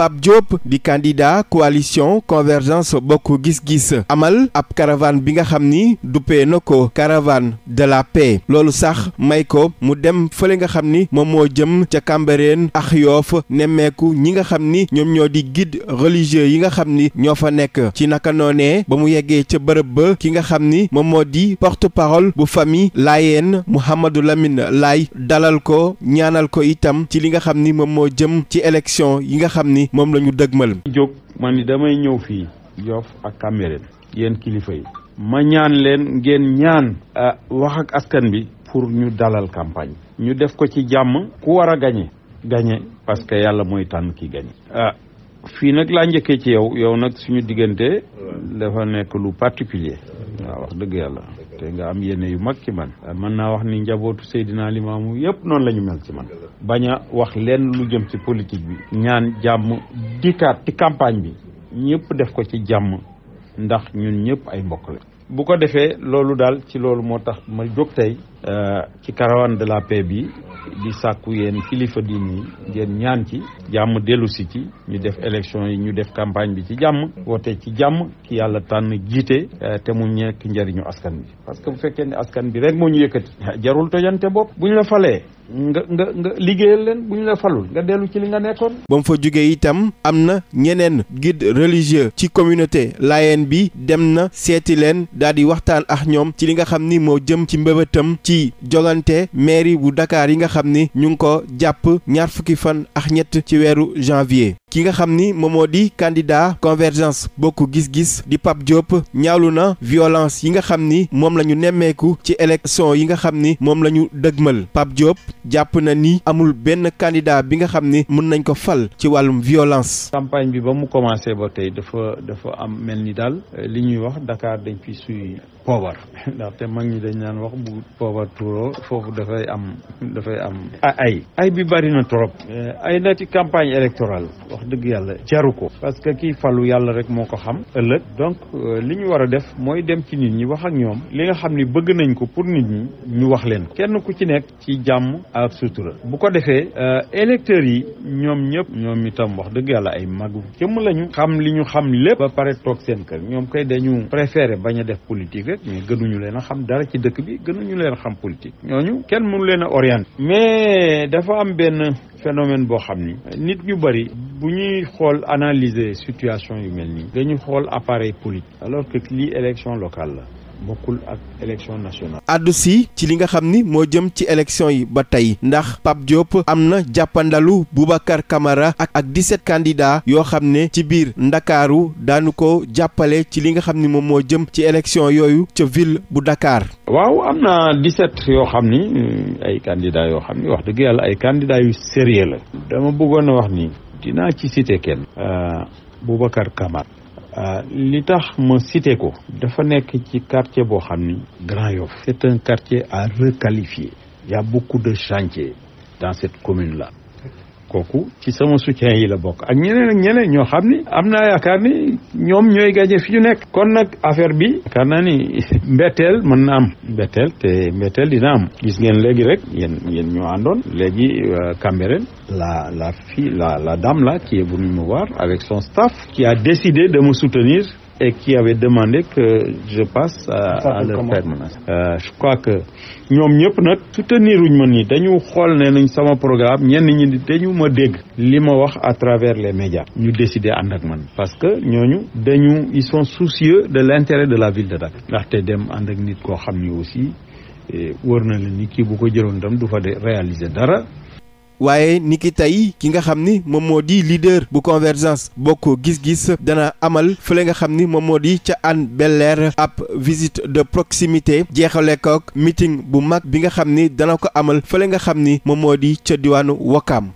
Pape Diop di candidat coalition convergence bokk gis-gis amal ab caravane bi nga xam ni duppee na ko caravane de la paix loolu sax may ko mu dem fële nga xam ni moom moo jëm ca Cambérène ak Yoff nemmeeku ñi nga xam ni ñoom ñoo di guide religieux yi nga xam ni ñoo fa nekk ci naka noonee ba mu yeggee ca bërëb ba ki nga xam ni moom moo di porte-parole bu famille Layène Mouhamadou Lamine lay dalal ko ñaanal ko itam ci li nga xam ni moom moo jëm ci élection yi nga moom la ñu dëgmal. jóg man ni damay ñëw fii Yoff ak Cambérène yéen kilifa yi. ma ñaan leen ngeen ñaan. wax ak askan bi pour ñu dalal campagne ñu def ko ci jàmm. ku war a gañe gañe parce que yàlla mooy tànn ki gañe fii nag laa njëkkee ci yow yow nag suñu diggante dafa nekk lu particulier waaw wax dëgg yàlla te nga am yéene yu mag ci man mën naa wax ni njabootu Seydina Limaamu yëpp noonu la ñu mel ci man bañ a wax lenn lu jëm ci politique bi ñaan jàmm dikkaat ci campagne bi ñëpp def ko ci jàmm ndax ñun ñëpp ay mbokk la bu ko defee loolu daal ci loolu moo tax ma jóg tey euh, ci caravane de la paix bi di sàkku yéen kilifa diin yi ngeen ñaan ci jàmm dellu si ci ñu def élection yi ñu def campagne bi ci jàmm woote ci jàmm ki yàlla tànn jiite eh, te mu nekk njariñu askan bi parce que bu fekkee ne askan bi rek moo ñu yëkkati jarul tojante bopp bu ñu la nga nga nga liggéeyal leen bu ñu la falul nga dellu ci li nga nekkoon. ba mu fa jugee itam am na ñeneen guide religieux ci communauté laayeen bi dem na seeti leen daal di waxtaan ak ñoom ci li nga xam ni moo jëm ci mbébétam ci jogante mairie bu Dakar yi nga xam ni ñu ngi ko jàpp ñaar fukki fan ak ñett ci weeru janvier. ki nga xam ni moom moo di candidat convergence bokk gis-gis di Pape Diop ñaawlu na violence yi nga xam ni moom la ñu nemmeeku ci élection yi nga xam ni moom la ñu dëgmal Pape Diop jàpp na ni amul benn candidat bi nga xam ni mën nañ ko fal ci wàllum violence. campagne bi ba mu commencé ba tey dafa dafa am mel ni daal euh, li ñuy wax ndakaar dañ fi suy poobar ndaxte mag ñi dañ naan wax bu poobar tuuroo foofu dafay am dafay am ay ay bi bari na trop euh, ay na ci campagne électorale wax dëgg yàlla jaru ko parce que kii falu yàlla rek moo ko xam ëllëg donc euh, li ñu war a def mooy dem ci nit ñi wax ak ñoom li nga xam ni bëgg nañ ko pour nit ñi ñu wax leen kenn ku ci nekk ci jàmm ak sutura bu ko defee euh, électeurs yi ñoom ñëpp ñoom itam wax dëgg yàlla ay mag jëmm lañu xam li ñu xam lépp ba pare toog seen kër ñoom kay dañu préféré bañ a def politique rek mais gënuñu leen a xam dara ci dëkk bi gënuñu leen a xam politique ñooñu kenn mënu leen a orienté mais dafa am benn phénomène boo xam ni bu ñuy xool analyser situation yu mel nii dañu xool appareil politique alors que lii élection local la bokkul ak élection nationale. addu ci li nga xam ni moo jëm ci élection yi ba tey ndax Pape Diop am na jàppandalu Boubacar Camara ak ak 17 candidats yoo xam ne ci biir ndakaaru daanu ko jàppale ci li nga xam ni moom moo jëm ci élection yooyu ca ville bu Dakar. waaw am na 17 yoo xam ni ay candidats yoo xam ne wax dëgg yàlla ay candidats yu sérieux la. bëggoon a wax ni. dinaa ci cité kenn. Euh, Boubacar Camara. Euh, li tax ma cité ko. dafa nekk ci quartier boo xam ni. Grand Yoff. c'est un quartier à requalifier. y a beaucoup de chantiers dans cette commune là. kooku ci sama soutien yi la bokk ak ñeneen ñeneen ñoo xam ni. am naa yaakaar ni. ñoom ñooy gañe fi ñu nekk kon nag affaire bi kar naa ni mbetteel mën na am mbetteel te mbetteel dina am gis ngeen léegi rek yéen yéen ñoo àndoon léegi euh, Cambérène la la fille la la dame la ki est venue me voir avec son staff qui a décidé de me soutenir et qui avait demandé que je passe à, à leur permanence euh, je crois que ñoom ñëpp nag soutenir uñ ma nii dañu xool ne nañ sama programme ñenn ñi dañu ma dégg li ma wax à travers les médias ñu décider ànd ak man parce que ñooñu dañu ils sont soucieux de l'intérêt de la ville de Dakar ndaxte dem ànd ak nit koo xam ni aussi wër na la ni kii bu ko jëloon tam du fa réaliser dara waaye ni ki tey ki nga xam ni moom moo di leader bu convergence bokk gis-gis dana amal fële nga xam ni moom moo di ca Hann Bel-Air ab visite de proximité jeexale kook meeting bu mag bi nga xam ni dana ko amal fële nga xam ni moom moo di ca diwaanu Wakaam